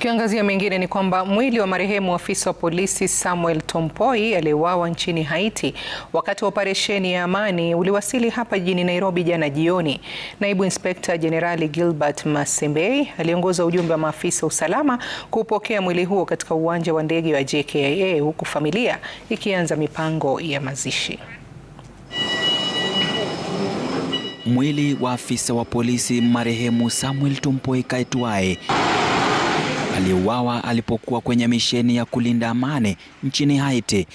Tukiangazia mengine ni kwamba mwili wa marehemu afisa wa polisi Samuel Tompoi aliyeuawa nchini Haiti wakati wa operesheni ya amani uliwasili hapa jijini Nairobi jana jioni. Naibu Inspekta Jenerali Gilbert Masembei aliongoza ujumbe wa maafisa usalama kupokea mwili huo katika uwanja wa ndege wa JKIA huku familia ikianza mipango ya mazishi. Mwili wa afisa wa polisi marehemu Samuel Tompoi kaetuae aliyeuawa alipokuwa kwenye misheni ya kulinda amani nchini Haiti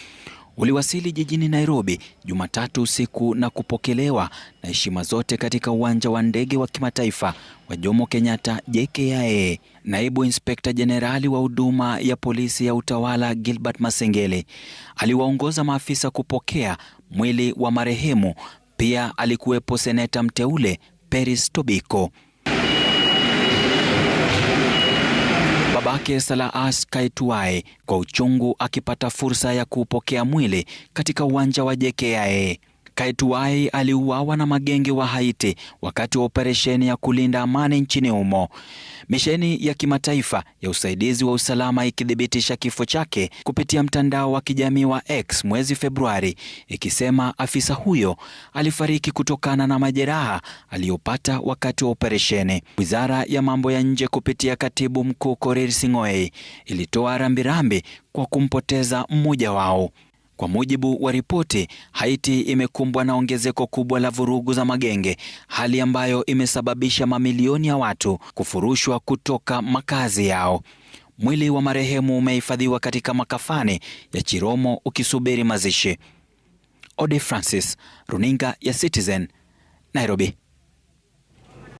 uliwasili jijini Nairobi Jumatatu usiku na kupokelewa na heshima zote katika uwanja wa ndege wa kimataifa wa Jomo Kenyatta JKIA. Naibu Inspekta Jenerali wa huduma ya polisi ya utawala Gilbert Masengele aliwaongoza maafisa kupokea mwili wa marehemu. Pia alikuwepo seneta mteule Peris Tobiko. wake as kaituae kwa uchungu akipata fursa ya kuupokea mwili katika uwanja wa JKIA. Kaituai aliuawa na magenge wa Haiti wakati wa operesheni ya kulinda amani nchini humo. Misheni ya kimataifa ya usaidizi wa usalama ikithibitisha kifo chake kupitia mtandao wa kijamii wa X mwezi Februari, ikisema afisa huyo alifariki kutokana na majeraha aliyopata wakati wa operesheni. Wizara ya mambo ya nje kupitia katibu mkuu Korir Sing'oei ilitoa rambirambi kwa kumpoteza mmoja wao. Kwa mujibu wa ripoti, Haiti imekumbwa na ongezeko kubwa la vurugu za magenge, hali ambayo imesababisha mamilioni ya watu kufurushwa kutoka makazi yao. Mwili wa marehemu umehifadhiwa katika makafani ya Chiromo ukisubiri mazishi. Ode Francis, Runinga ya Citizen, Nairobi.